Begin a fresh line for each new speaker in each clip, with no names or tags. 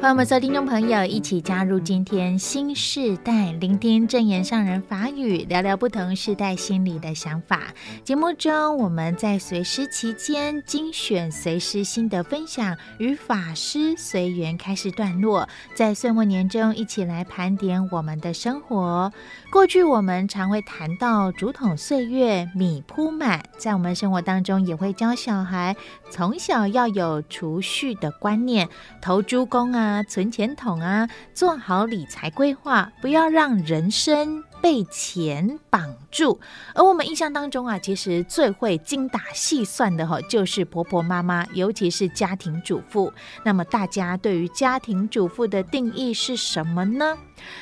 歡迎我們所有聽眾朋友一起加入今天新時代聆聽證嚴上人法語，聊聊不同世代心理的想法。節目中我們在隨師期間精選隨師心得分享與法師隨緣開示段落，在歲末年終一起來盤點我們的生活。過去我們常會談到竹筒歲月米撲滿，在我們生活當中也會教小孩從小要有儲蓄的觀念，投豬公啊。啊，存錢筒啊，做好理財規劃，不要讓人生被錢綁住。而我們印象當中啊，其實最會精打細算的哈，就是婆婆媽媽，尤其是家庭主婦。那麼，大家對於家庭主婦的定義是什麼呢？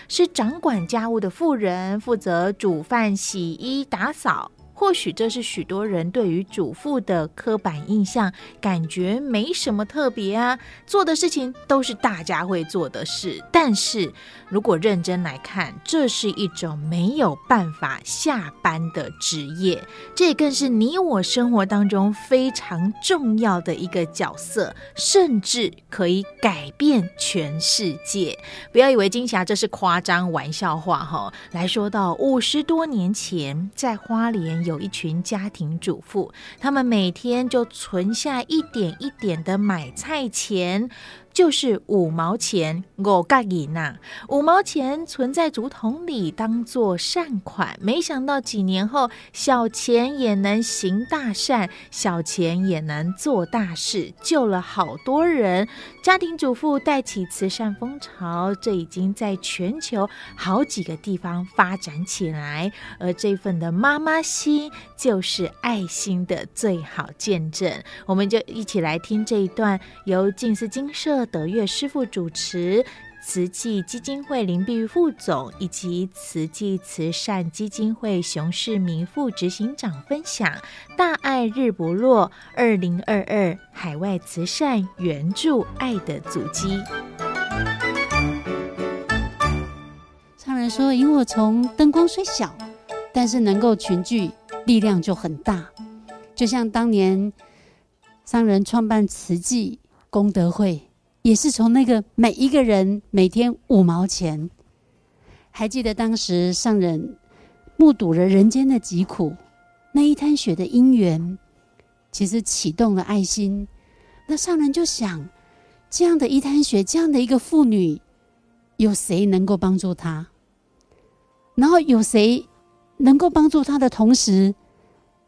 是掌管家務的婦人，負責煮飯、洗衣、打掃。或許這是許多人對於主婦的刻板印象，感覺沒什麼特別啊，做的事情都是大家會做的事。但是，如果認真來看，這是一種沒有辦法下班的職業，這也更是你我生活當中非常重要的一個角色，甚至可以改變全世界。不要以為金霞這是誇張玩笑話。來說到五十多年前，在花蓮。有一群家庭主婦，他們每天就存下一點一點的買菜錢。就是五毛錢，我介意吶。五毛錢存在竹筒裡，當做善款。沒想到幾年後，小錢也能行大善，小錢也能做大事，救了好多人。家庭主婦帶起慈善風潮，這已經在全球好幾個地方發展起來。而這份的媽媽心，就是愛心的最好見證。我們就一起來聽這一段，由靜思精舍、德月師父主持，慈濟基金會林碧玉副總以及慈濟慈善基金會熊士民副執行長分享“大愛日不落”二零二二海外慈善援助愛的足跡。上人說：“螢火
蟲燈光雖小，但是能夠群聚，力量就很大。就像當年上人創辦慈濟功德會。”也是從那個每一個人每天五毛錢，還記得當時上人目睹了人間的疾苦，那一灘血的因緣，其實啟動了愛心。那上人就想，這樣的一灘血，這樣的一個婦女，有誰能夠幫助她？然後有誰能夠幫助她的同時，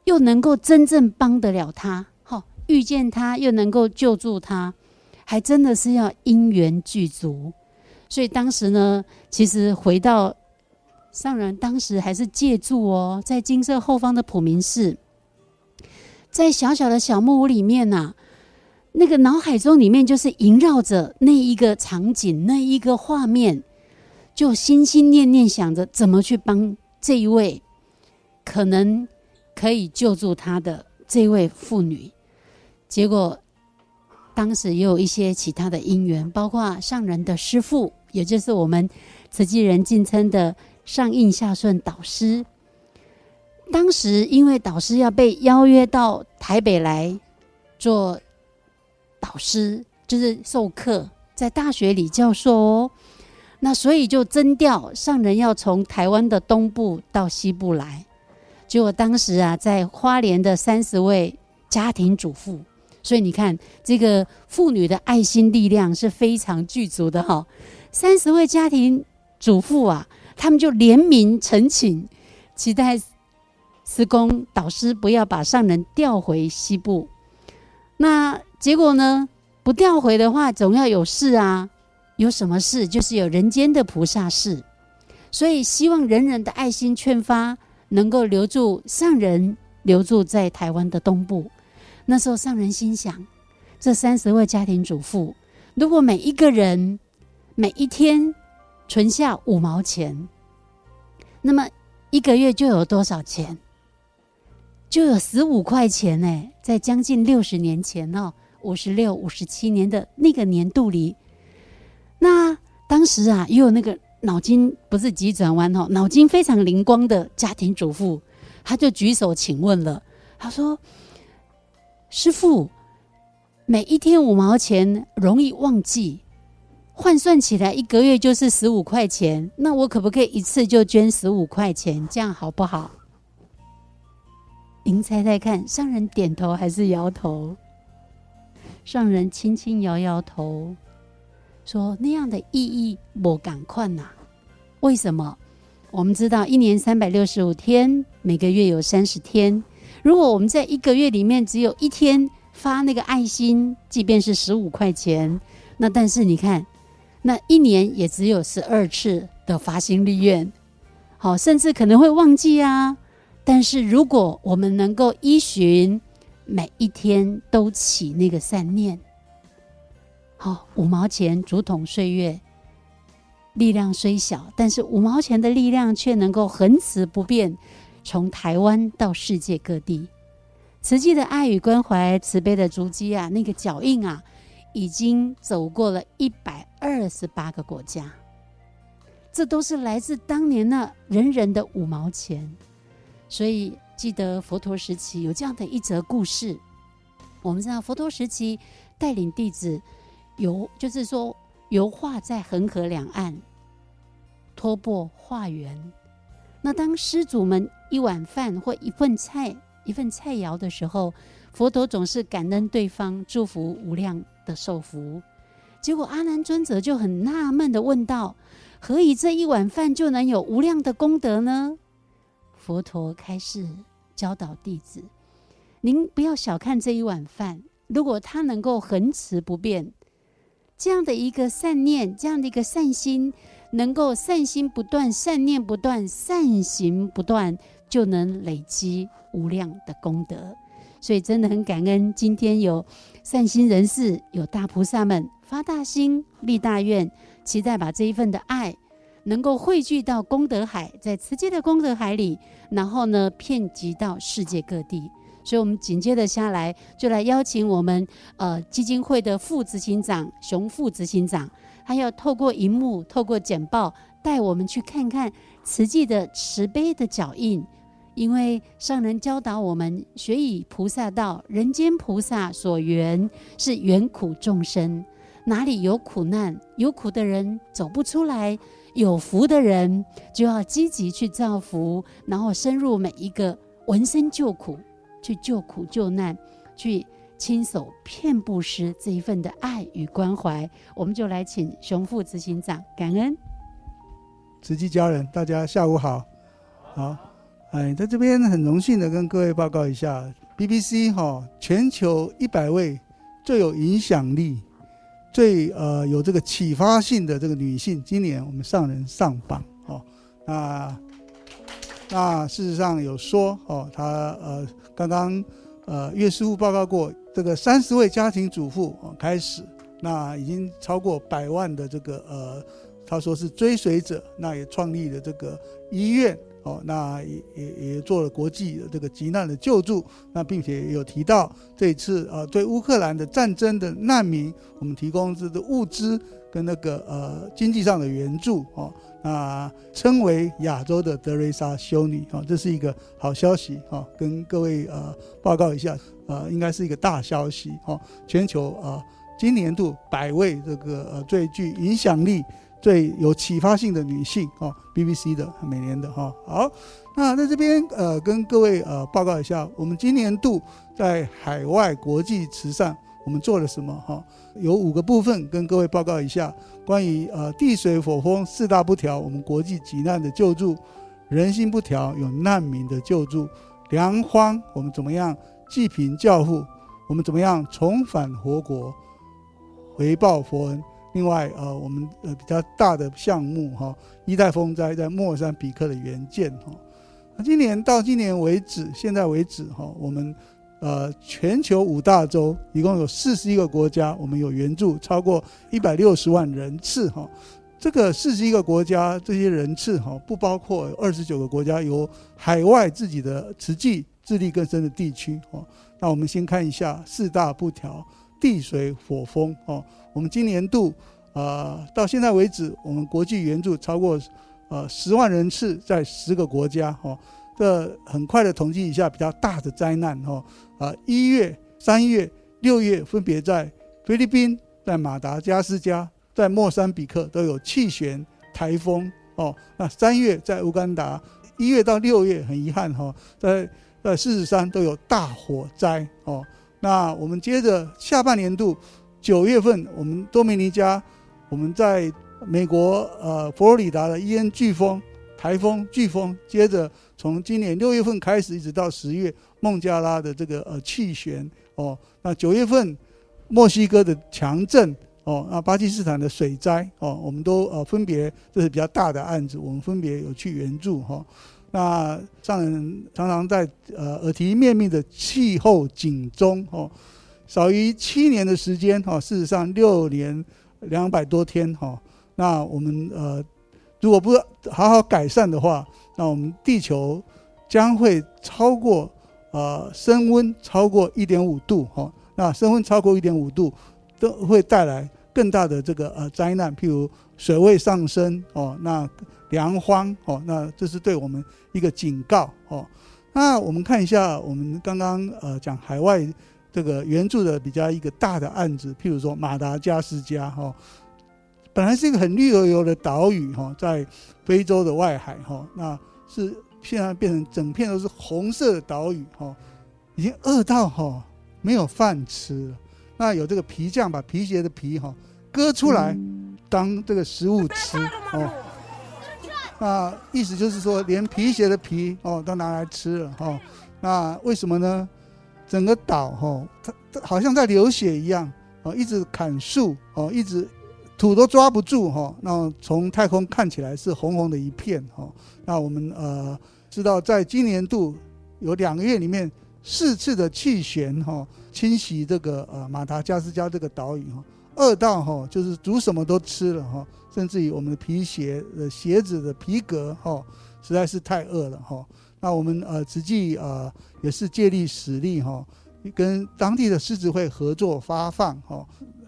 又能夠真正幫得了她？好，遇見她又能夠救助她。還真的是要因緣具足，所以當時呢，其實回到上人當時還是借住哦、喔，在金色後方的普明寺，在小小的小木屋裡面吶、啊，那個腦海中裡面就是縈繞着那一個場景，那一個畫面，就心心念念想着怎麼去幫這一位可能可以救助他的這位婦女，結果。當時也有一些其他的因緣，包括上人的師父，也就是我們慈濟人敬稱的上印下順導師。當時因為導師要被邀約到台北來做導師，就是授課，在大學裡教授哦、喔。那所以就徵調上人要從台灣的東部到西部來，結果當時啊，在花蓮的三十位家庭主婦。所以你看，這個婦女的愛心力量是非常具足的哈。三十位家庭主婦啊，他們就聯名陳情，期待師公導師不要把上人調回西部。那結果呢？不調回的話，總要有事啊。有什麼事？就是有人間的菩薩事。所以希望人人的愛心勸發，能夠留住上人，留住在台灣的東部。那時候上人心想，這三十位家庭主婦，如果每一個人每一天存下五毛錢，那麼一個月就有多少錢？就有十五塊錢呢！在將近六十年前，哦，五十六、五十七年的那個年度裡，那當時啊，也有那個腦筋不是急轉彎哦，腦筋非常靈光的家庭主婦，他就舉手請問了，他說，師父，每一天五毛錢容易忘記，換算起來一個月就是十五塊錢。那我可不可以一次就捐十五塊錢，這樣好不好？您猜猜看，上人點頭還是搖頭？上人輕輕搖搖頭，說：“那樣的意義我感困吶。為什麼？我們知道一年三百六十五天，每個月有三十天。”如果我們在一個月裡面只有一天發那個愛心，即便是十五塊錢，那但是你看，那一年也只有十二次的發心立願，好，甚至可能會忘記啊。但是如果我們能夠依循每一天都起那個善念，好，五毛錢竹筒歲月，力量雖小，但是五毛錢的力量卻能夠恆持不變。從台灣到世界各地，慈濟的愛與關懷，慈悲的足跡啊，那個腳印啊，已經走過了一百二十八個國家。這都是來自當年那人人的五毛錢。所以，記得佛陀時期有這樣的一則故事，我們知道佛陀時期帶領弟子遊，就是說遊化在恆河兩岸，托缽化緣。那當施主們一碗飯或一份菜、一份菜餚的時候，佛陀總是感恩對方，祝福無量的受福。結果，阿難尊者就很納悶的問道：“何以這一碗飯就能有無量的功德呢？”佛陀開示教導弟子：“您不要小看這一碗飯，如果它能夠恆持不變，這樣的一個善念，這樣的一個善心。”能夠善心不斷、善念不斷、善行不斷，就能累積無量的功德。所以真的很感恩，今天有善心人士、有大菩薩們發大心、立大願，期待把這一份的愛能夠匯聚到功德海，在慈濟的功德海裡，然後呢，遍及到世界各地。所以我們緊接着下來，就來邀請我們呃基金會的副執行長熊副執行長。還要透過熒幕，透過簡報，帶我們去看看慈濟的慈悲的腳印。因為上人教導我們，學以菩薩道，人間菩薩所緣是緣苦眾生。哪裡有苦難，有苦的人走不出來，有福的人就要積極去造福，然後深入每一個聞聲救苦，去救苦救難，去，親手遍布施這一份的愛與關懷，我們就來請熊副執行長感恩。
慈濟家人，大家下午好，好，哎，在這邊很榮幸的跟各位報告一下，BBC 哈、哦，全球一百位最有影響力、最呃有這個啟發性的這個女性，今年我們上人上榜哦。那那事實上有說哦，她，呃剛剛呃岳師父報告過。這個三十位家庭主婦開始，那已經超過百萬的這個呃，他說是追隨者，那也創立了這個醫院。哦，那也也也做了國際的這個急難的救助，那並且也有提到這一次啊，對烏克蘭的戰爭的難民，我們提供這個物資跟那個呃經濟上的援助哦，那稱為亞洲的德雷莎修女哦，這是一個好消息哦，跟各位呃報告一下，呃，應該是一個大消息哦，全球啊，今年度百位這個最具影響力。最有啟發性的女性啊，BBC 的每年的哈。好，那在這邊呃跟各位呃報告一下，我們今年度在海外國際慈善我們做了什麼哈？有五個部分跟各位報告一下，關於呃地水火風四大不調，我們國際急難的救助，人心不調有難民的救助，糧荒我們怎麼樣濟貧教富，我們怎麼樣重返佛國回報佛恩。另外，呃，我們呃比較大的項目哈，伊代風災在莫三比克的援建哈，那今年到今年為止，現在為止哈，我們呃全球五大洲一共有四十一個國家，我們有援助超過一百六十萬人次哈。這個四十一個國家這些人次哈，不包括二十九個國家有海外自己的慈濟自力更生的地區哈。那我們先看一下四大不調。地水火風哦，我們今年度啊到現在為止，我們國際援助超過呃十萬人次，在十個國家哦。這很快的統計一下比較大的災難哦啊，一月、三月、六月分別在菲律賓、在馬達加斯加、在莫三比克都有氣旋台風哦。那三月在烏干達，一月到六月很遺憾哈，在在獅子山都有大火災哦。那我們接着下半年度，九月份我們多米尼加，我們在美國呃佛羅里達的伊恩颶風、颱風、颶風，接着從今年六月份開始一直到十月，孟加拉的這個呃氣旋哦，那九月份墨西哥的強震哦，那巴基斯坦的水災哦，我們都呃分別這是比較大的案子，我們分別有去援助哈。那上人常常在呃耳提面命的氣候警鐘哦，少於七年的時間哦，事實上六年兩百多天哦，那我們呃如果不好好改善的話，那我們地球將會超過呃升溫超過一點五度哦，那升溫超過一點五度都會帶來更大的這個呃災難，譬如水位上升哦，那。糧荒哦，那這是對我們一個警告哦。那我們看一下，我們剛剛呃講海外這個援助的比較一個大的案子，譬如說馬達加斯加哈，本來是一個很綠油油的島嶼哈，在非洲的外海哈，那是現在變成整片都是紅色的島嶼哈，已經餓到哈沒有飯吃了。那有這個皮匠把皮鞋的皮哈割出來、嗯、當這個食物吃哦。嗯嗯那意思就是說，連皮鞋的皮哦，都拿來吃了哈。那為什麼呢？整個島哈，它它好像在流血一樣哦，一直砍樹哦，一直土都抓不住哈。那從太空看起來是紅紅的一片哈。那我們呃知道，在今年度有兩個月裡面，四次的氣旋哈，侵襲這個呃馬達加斯加這個島嶼哈。餓到哈，就是煮什麼都吃了哈，甚至於我們的皮鞋的鞋子的皮革哈，實在是太餓了哈。那我們呃，慈濟呃也是借力使力哈，跟當地的獅子會合作發放哈。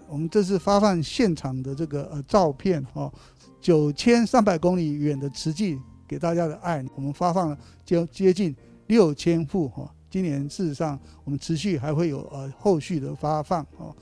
我們這次發放現場的這個呃照片哈，九千三百公里遠的慈濟給大家的愛，我們發放了接接近六千戶哈。今年事實上我們持續還會有呃後續的發放哈。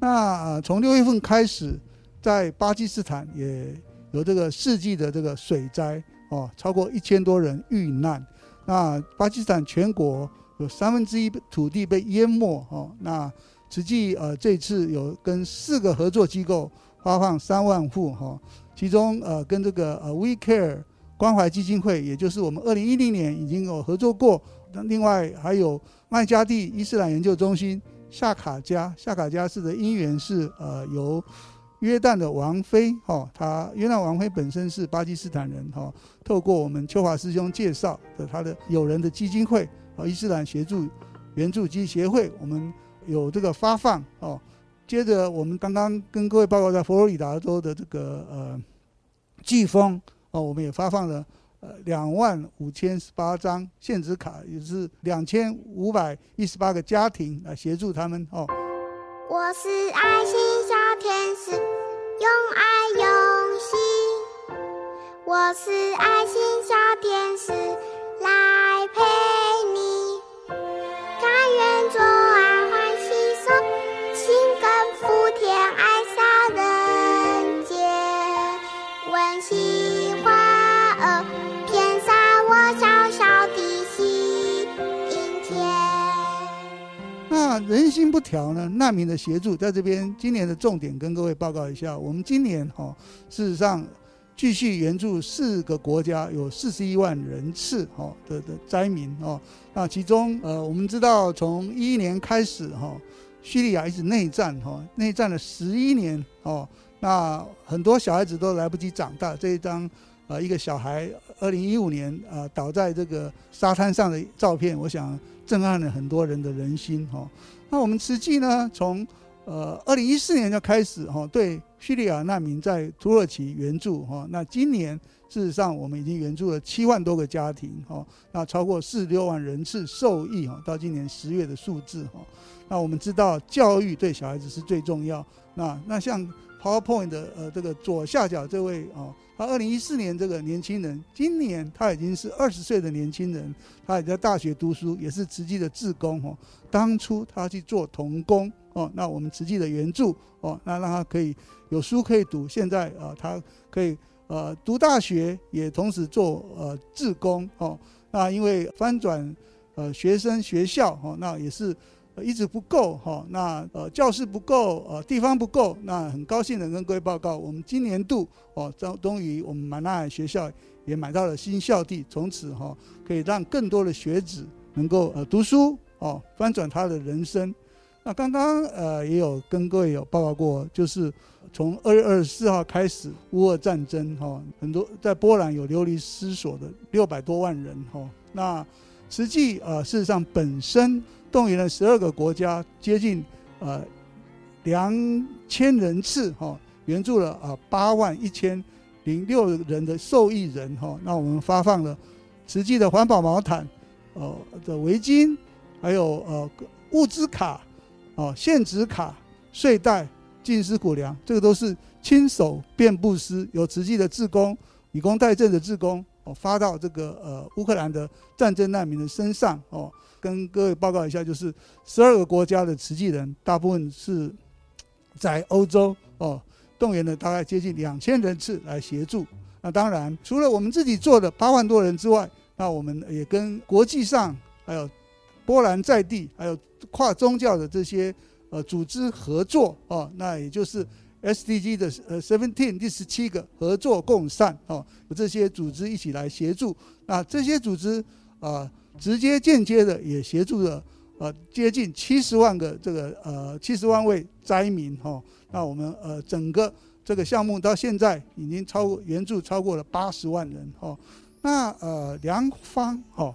那從六月份開始，在巴基斯坦也有這個世紀的這個水災哦，超過一千多人遇難。那巴基斯坦全國有三分之一土地被淹沒哦。那實際呃這次有跟四個合作機構發放三萬戶哈、哦，其中呃跟這個 We Care 關懷基金會，也就是我們二零一零年已經有合作過，那另外還有麥加蒂伊斯蘭研究中心。夏卡加，夏卡加氏的因緣是呃，由約旦的王妃哈，他約旦王妃本身是巴基斯坦人哈，透過我們秋華師兄介紹的他的友人的基金會和伊斯蘭協助援助基金協會，我們有這個發放哦。接着我們剛剛跟各位報告在佛羅里達州的這個呃颶風哦，我們也發放了。呃，兩萬五千十八張限制卡，也是兩千五百一十八個家庭來協助他們哦。
我是愛心小天使，用愛用心。我是愛心小天使，來陪。
人心不調呢？難民的協助在這邊，今年的重點跟各位報告一下。我們今年哈，事實上繼續援助四個國家，有四十一萬人次哈的的災民哦。那其中呃，我們知道從一一年開始哈，敘利亞一直內戰哈，內戰了十一年哦。那很多小孩子都來不及長大。這一張呃，一個小孩二零一五年啊，倒在這個沙灘上的照片，我想震撼了很多人的人心哦。那我們慈濟呢？從呃二零一四年就開始哈、哦，對敘利亞難民在土耳其援助哈、哦。那今年事實上我們已經援助了七萬多個家庭哈、哦，那超過四十六萬人次受益哈、哦。到今年十月的數字哈、哦，那我們知道教育對小孩子是最重要。那那像。PowerPoint 的呃，這個左下角這位啊，他二零一四年這個年輕人，今年他已經是二十歲的年輕人，他也在大學讀書，也是慈濟的志工哦。當初他去做童工哦，那我們慈濟的援助哦，那讓他可以有書可以讀，現在啊，他可以呃讀大學，也同時做呃志工哦。那因為翻轉呃學生學校哦，那也是。一直不夠哈，那呃教室不夠，呃地方不夠，那很高興能跟各位報告，我們今年度哦，終於我們馬納海學校也買到了新校地，從此哈、哦、可以讓更多的學子能夠呃讀書哦，翻轉他的人生。那剛剛呃也有跟各位有報告過，就是從二月二十四號開始烏俄戰爭哈、哦，很多在波蘭有流離失所的六百多萬人哈、哦，那實際呃事實上本身。動員了十二個國家，接近呃兩千人次哈、哦，援助了啊八萬一千零六人的受益人哈、哦。那我們發放了慈濟的環保毛毯、呃的圍巾，還有呃物資卡、哦現值卡、睡袋、淨斯穀糧，這個都是親手遍布施，有慈濟的志工、以工代賑的志工哦發到這個呃烏克蘭的戰爭難民的身上哦。跟各位報告一下，就是十二個國家的慈濟人，大部分是在歐洲哦，動員了大概接近兩千人次來協助。那當然，除了我們自己做的八萬多人之外，那我們也跟國際上還有波蘭在地，還有跨宗教的這些呃組織合作哦，那也就是 S D G 的呃 Seventeen 第十七個合作共善哦，有這些組織一起來協助。那這些組織啊。直接間接的也協助了，呃，接近七十萬個這個呃七十萬位災民哈。那我們呃整個這個項目到現在已經超過援助超過了八十萬人哈。那呃良方哈，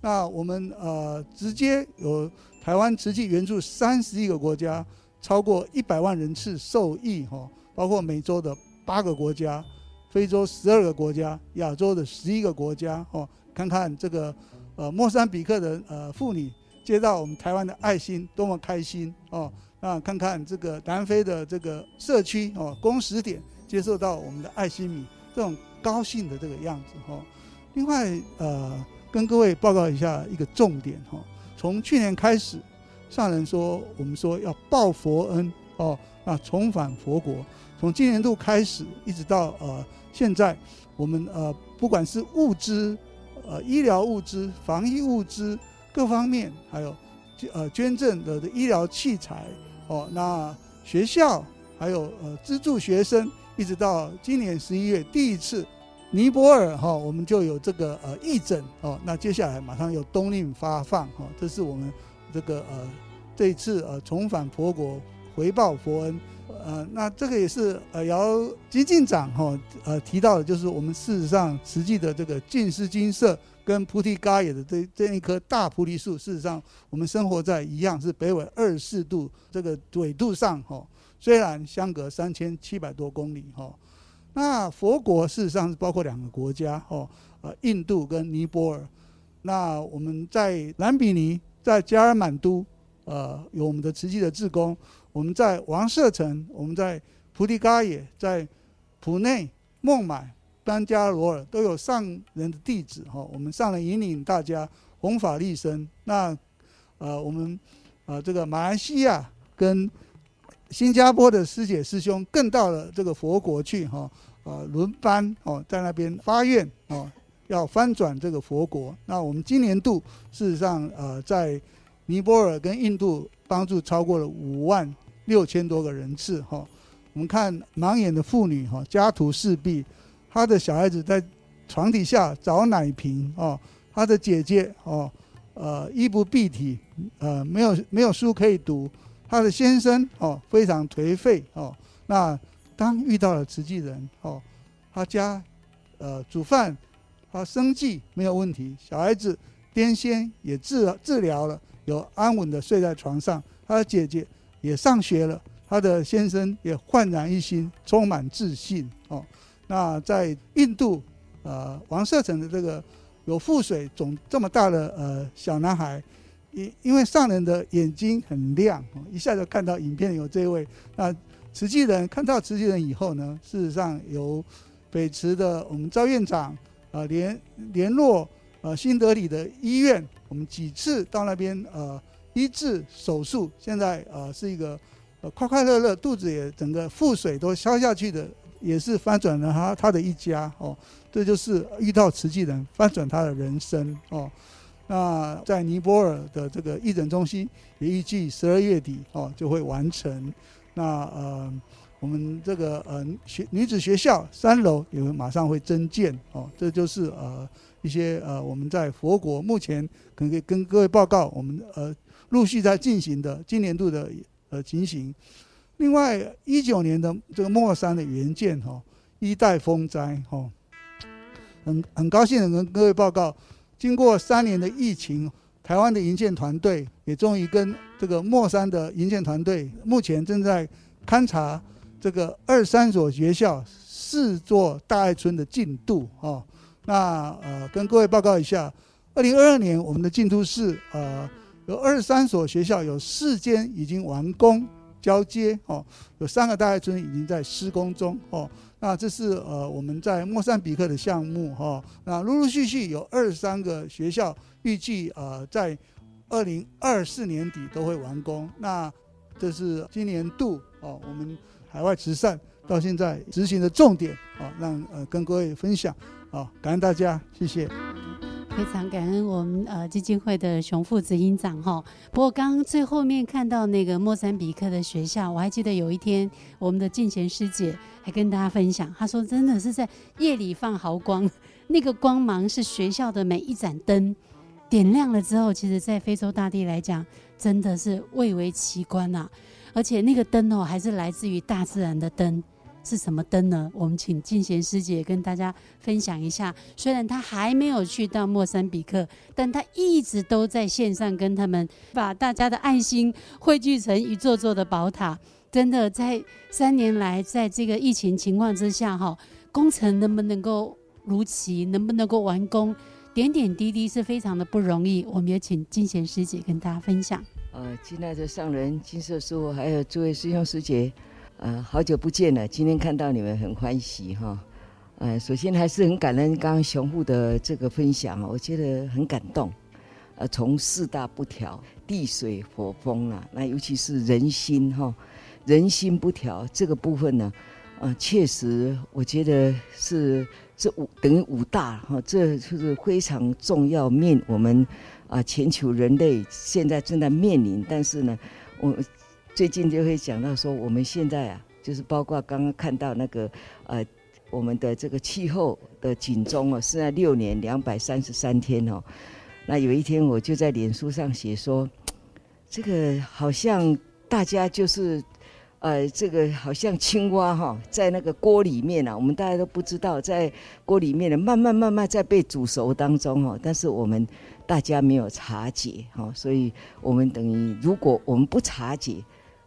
那我們呃直接有台灣慈濟援助三十一個國家，超過一百萬人次受益哈，包括美洲的八個國家，非洲十二個國家，亞洲的十一個國家哈。看看這個。呃，莫三比克的呃，婦女接到我們台灣的愛心，多麼開心哦！那看看這個南非的這個社區哦，供食點接受到我們的愛心米，這種高興的這個樣子哦。另外，呃，跟各位報告一下一個重點哈、哦，從去年開始，上人說我們說要報佛恩哦，那重返佛國。從今年度開始，一直到呃現在，我們呃不管是物資。呃，醫療物資、防疫物資各方面，還有呃捐贈的醫療器材哦。那學校還有呃資助學生，一直到今年十一月第一次尼泊爾哈，我們就有這個呃義診哦。那接下來馬上有冬令發放哦，這是我們這個呃這一次呃重返佛國回報佛恩。呃，那這個也是呃姚金進長哈，哦，呃提到的，就是我們事實上實際的這個靜思精舍跟菩提伽耶的這這一棵大菩提樹，事實上我們生活在一樣是北緯二十四度這個緯度上哈，哦，雖然相隔三千七百多公里哈，哦。那佛國事實上是包括兩個國家哈，哦，呃印度跟尼泊爾，那我們在藍毗尼、在加爾滿都呃有我們的慈濟的志工。我們在王舍城，我們在菩提伽耶，在普內、孟買、班加羅爾都有上人的弟子哈，我們上人引領大家弘法利生。那，呃，我們呃這個馬來西亞跟新加坡的師姐師兄更到了這個佛國去哈，呃，輪班哦、呃，在那邊發願哦、呃，要翻轉這個佛國。那我們今年度事實上呃，在尼泊爾跟印度。幫助超過了五萬六千多個人次，哈，我們看盲眼的婦女，哈，家徒四壁，他的小孩子在床底下找奶瓶，哦，他的姐姐，哦，呃，衣不蔽體，呃，沒有沒有書可以讀，他的先生，哦，非常頹廢，哦，那當遇到了慈濟人，哦，他家，呃，煮飯，他生計沒有問題，小孩子癲癇也治治了治療了。有安穩的睡在床上，他的姐姐也上學了，他的先生也煥然一新，充滿自信哦。那在印度，呃，王舍城的這個有腹水腫這麼大的呃小男孩，因因為上人的眼睛很亮，哦，一下就看到影片，有這位。那慈濟人看到慈濟人以後呢，事實上由北慈的我們趙院長啊聯聯絡。呃，新德里的醫院，我們幾次到那邊呃醫治手術，現在呃是一個呃快快樂樂，肚子也整個腹水都消下去的，也是翻轉了他他的一家哦。這就是遇到慈濟人翻轉他的人生哦。那在尼泊爾的這個義診中心，也預計十二月底哦就會完成。那呃，我們這個呃學女子學校三樓也會馬上會增建哦。這就是呃。一些呃，我們在佛國目前可以跟各位報告，我們呃陸續在進行的今年度的呃情形。另外，一九年的這個莫三的援建哈，伊代風災哈，很很高興的跟各位報告，經過三年的疫情，台灣的營建團隊也終於跟這個莫三的營建團隊目前正在勘察這個二三所學校、四座大愛村的進度啊。那呃，跟各位報告一下，二零二二年我們的進度是呃，有二十三所學校有四間已經完工交接哦，有三個大愛村已經在施工中哦。那這是呃我們在莫桑比克的項目哈、哦。那陸陸續續有二十三個學校，預計呃在二零二四年底都會完工。那這是今年度哦，我們海外慈善到現在執行的重點啊、哦，讓呃跟各位分享。好，感恩大家，謝謝。
非常感恩我們呃基金會的熊副執行長哈。不過剛剛最後面看到那個莫三比克的學校，我還記得有一天我們的靜賢師姐還跟大家分享，她說真的是在夜裡放毫光，那個光芒是學校的每一盞燈點亮了之後，其實在非洲大地來講真的是蔚為奇觀吶、啊。而且那個燈哦，還是來自於大自然的燈。是什麼燈呢？我們請靜賢師姐跟大家分享一下。雖然他還沒有去到莫三比克，但他一直都在線上跟他們，把大家的愛心匯聚成一座座的寶塔。真的，在三年來，在這個疫情情況之下，哈，工程能不能夠如期，能不能夠完工，點點滴滴是非常的不容易。我們也請靜賢師姐跟大家分享、
啊。呃，親愛的上人、精舍師父還有諸位師兄師姐。呃，好久不見了，今天看到你們很歡喜哈、哦呃。首先還是很感恩剛剛熊副的這個分享、哦、我覺得很感動。呃，從四大不調，地水火風啊，那尤其是人心哈、哦，人心不調這個部分呢，呃確實我覺得是這五等於五大哈、哦，這就是非常重要面我們啊、呃、全球人類現在正在面臨，但是呢，我。最近就會講到說，我們現在啊，就是包括剛剛看到那個，呃，我們的這個氣候的警鐘哦、啊，是在六年兩百三十三天哦。那有一天我就在臉書上寫說，這個好像大家就是，呃，這個好像青蛙哈、哦，在那個鍋裡面啊，我們大家都不知道在鍋裡面呢慢慢慢慢在被煮熟當中哦，但是我們大家沒有察覺哈、哦，所以我們等於如果我們不察覺。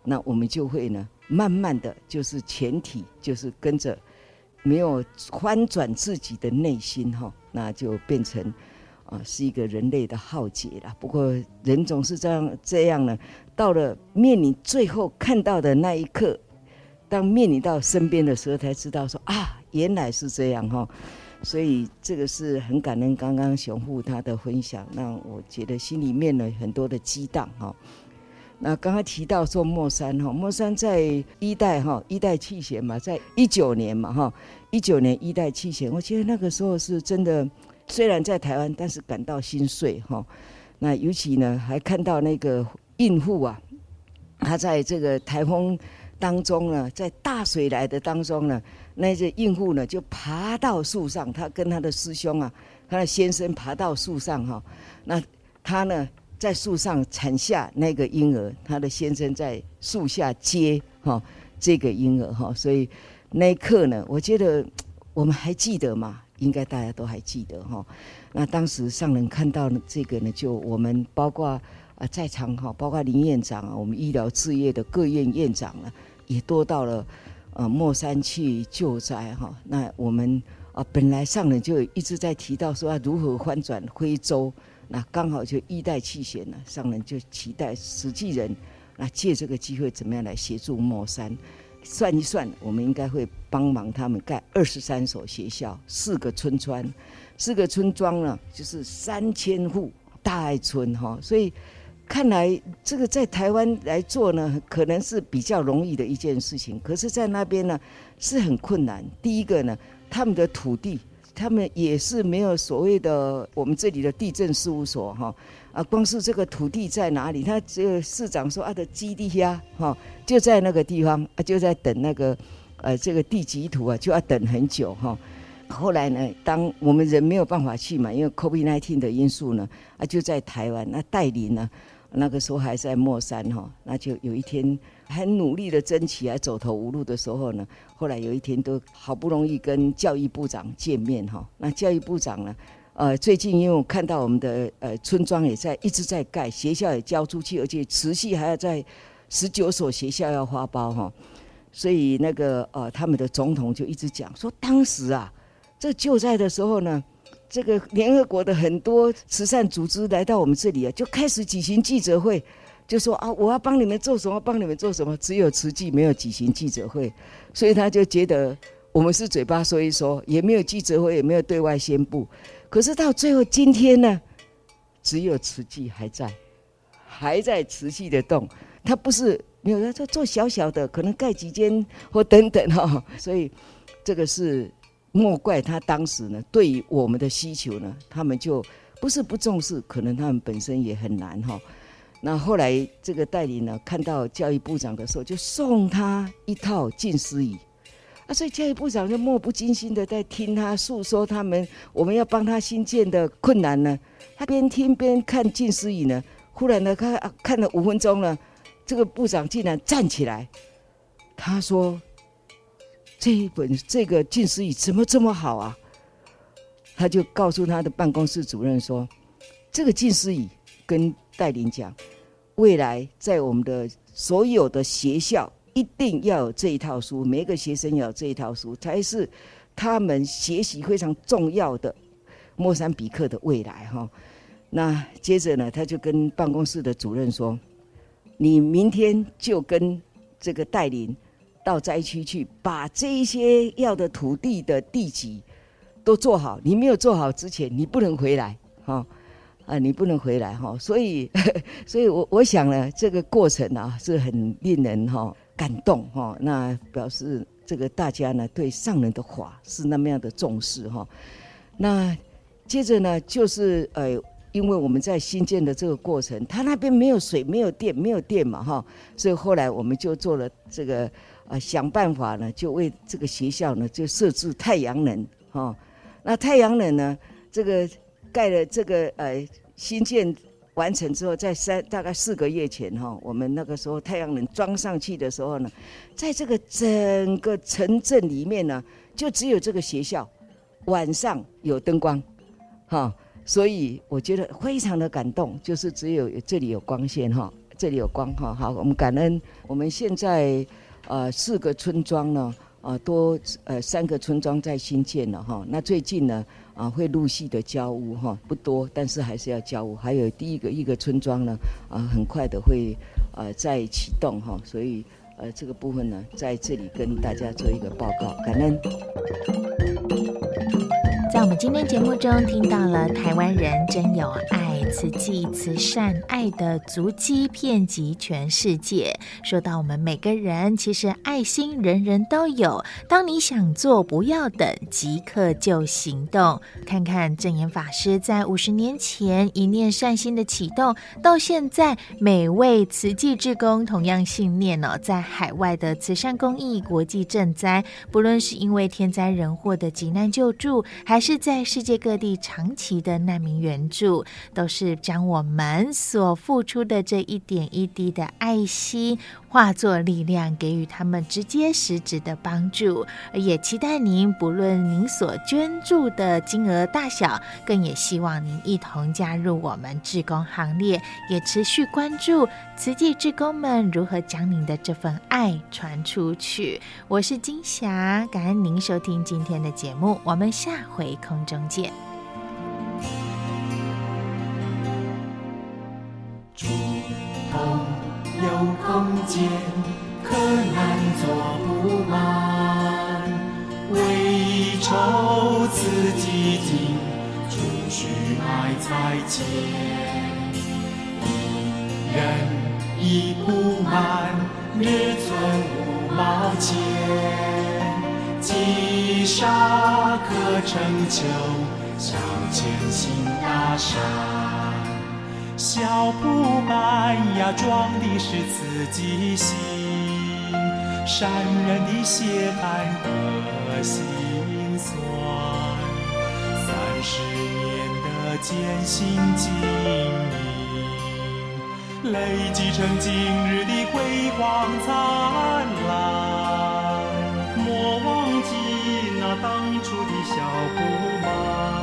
那我們就會呢，慢慢的就是全體就是跟着沒有翻轉自己的內心哈、哦，那就變成啊是一個人類的浩劫了。不過人總是這樣這樣呢，到了面臨最後看到的那一刻，當面臨到身邊的時候，才知道說啊原來是這樣哈、哦。所以這個是很感恩剛剛熊副他的分享，讓我覺得心裡面呢很多的激盪哈、哦。那剛剛提到說莫三，哈，莫三在伊代哈，伊代氣旋嘛，在一九年嘛哈，一九年伊代氣旋，我覺得那個時候是真的，雖然在台灣，但是感到心碎哈。那尤其呢，還看到那個孕婦啊，她在這個颱風當中呢，在大水來的當中呢，那些、個、孕婦呢就爬到樹上，她跟她的師兄啊，她的先生爬到樹上哈，那她呢？在樹上產下那個嬰兒，他的先生在樹下接哈這個嬰兒哈，所以那一刻呢，我覺得我們還記得嘛，應該大家都還記得哈。那當時上人看到這個呢，就我們包括啊在場哈，包括林院長啊，我們醫療志業的各院院長啊，也多到了呃莫三去救災哈。那我們啊本來上人就一直在提到說如何翻轉非洲。那剛好就伊代氣旋呢，上人就期待慈濟人，那借這個機會怎麼樣來協助莫三，算一算，我們應該會幫忙他們蓋二十三所學校，四個村莊，四個村莊呢，就是三千戶大愛村哈。所以看來這個在台灣來做呢，可能是比較容易的一件事情。可是，在那邊呢，是很困難。第一個呢，他們的土地。他們也是沒有所謂的我們這裡的地震事務所哈，啊，光是這個土地在哪裡，他只有市長說啊的基地呀，哈，就在那個地方，啊，就在等那個，呃，這個地籍圖啊，就要等很久哈，啊。後來呢，當我們人沒有辦法去嘛，因為 COVID-19 的因素呢，啊，就在台灣那代理呢。那個時候還在墨山哈、喔，那就有一天很努力的爭取啊，還走投無路的時候呢，後來有一天都好不容易跟教育部長見面哈、喔，那教育部長呢，呃，最近因為我看到我們的呃村莊也在一直在蓋，學校也交出去，而且持續還要在十九所學校要發包哈、喔，所以那個呃他們的總統就一直講說，當時啊，這救災的時候呢。這個聯合國的很多慈善組織來到我們這裡啊，就開始舉行記者會，就說啊，我要幫你們做什麼，幫你們做什麼。只有慈濟沒有舉行記者會，所以他就覺得我們是嘴巴說一說，也沒有記者會，也沒有對外宣布。可是到最後今天呢，只有慈濟還在，還在持續的動。他不是，沒有的，他做小小的，可能蓋幾間或等等哈、喔。所以這個是。莫怪他當時呢，對於我們的需求呢，他們就不是不重視，可能他們本身也很難哈。那後來這個代理呢，看到教育部長的時候，就送他一套靜思語，啊，所以教育部長就漫不經心的在聽他訴說他們我們要幫他新建的困難呢。他邊聽邊看靜思語呢，忽然呢，他看了五分鐘呢，這個部長竟然站起來，他說。這一本這個靜思語怎麼這麼好啊？他就告訴他的辦公室主任說：“這個靜思語跟戴林講，未來在我們的所有的學校一定要有這一套書，每個學生要有這一套書，才是他們學習非常重要的莫三比克的未來。”哈，那接着呢，他就跟辦公室的主任說：“你明天就跟這個戴林。”到災區去，把這一些要的土地的地基都做好。你沒有做好之前，你不能回來，哈，啊，你不能回來，哈。所以，所以我我想呢，這個過程啊是很令人哈感動哈。那表示這個大家呢對上人的話是那麼樣的重視哈。那接着呢就是呃，因為我們在新建的這個過程，他那邊沒有水，沒有電，沒有電嘛哈。所以後來我們就做了這個。啊、呃，想辦法呢，就為這個學校呢，就設置太陽能，哈、哦。那太陽能呢，這個蓋了這個呃新建完成之後，在三大概四個月前哈、哦，我們那個時候太陽能裝上去的時候呢，在這個整個城鎮裡面呢，就只有這個學校晚上有燈光，哈、哦。所以我覺得非常的感動，就是只有這裡有光線哈、哦，這裡有光哈、哦。好，我們感恩，我們現在。呃，四個村莊呢，啊、呃，多呃三個村莊在興建了哈、哦，那最近呢，啊、呃，會陸續的交屋哈、哦，不多，但是還是要交屋。還有第一個一個村莊呢，啊、呃，很快的會呃再啟動哈、哦，所以呃這個部分呢，在這裡跟大家做一個報告，感恩。在我們今天節目中聽到了台灣人
真有愛。慈濟慈善愛的足跡遍及全世界。說到我們每個人，其實愛心人人都有。當你想做，不要等，即刻就行動。看看證嚴法師在五十年前一念善心的啟動，到現在每位慈濟志工同樣信念呢、哦，在海外的慈善公益、國際賑災，不論是因為天災人禍的急難救助，還是在世界各地長期的難民援助，都是將我們所付出的這一點一滴的愛心化作力量，給予他們直接實質的幫助。而也期待您，不論您所捐助的金額大小，更也希望您一同加入我們志工行列，也持續關注慈濟志工們如何將您的這份愛傳出去。我是金霞，感恩您收聽今天的節目，我們下回空中見。
間可難坐不滿，為籌此基金，儲蓄買菜錢。一人一不滿，日存五毛錢。積 沙可成丘，小錢行大善。小撲滿呀，裝的是自己心，善人的血汗和辛酸，三十年的艱辛經歷，累積成今日的輝煌燦爛。莫忘記那當初的小撲滿。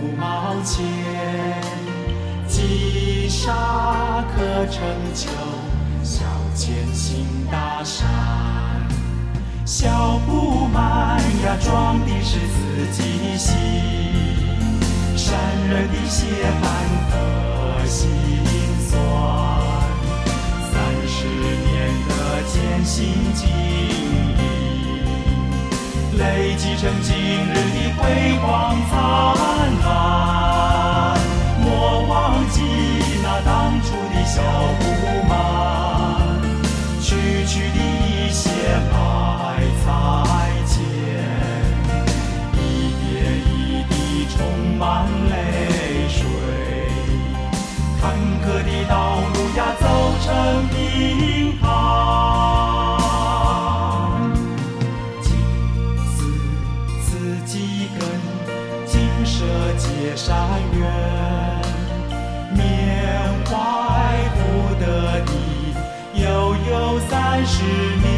五毛錢，積沙可成丘；小錢行大善，小不滿呀，裝的是自己心。善人的血汗和辛酸，三十年的艱辛經營累積成今日的輝煌燦爛，莫忘記那當初的小不滿，區區的一些埋在肩，一點一滴充滿淚水，坎坷的道路呀，走成平坦。是你。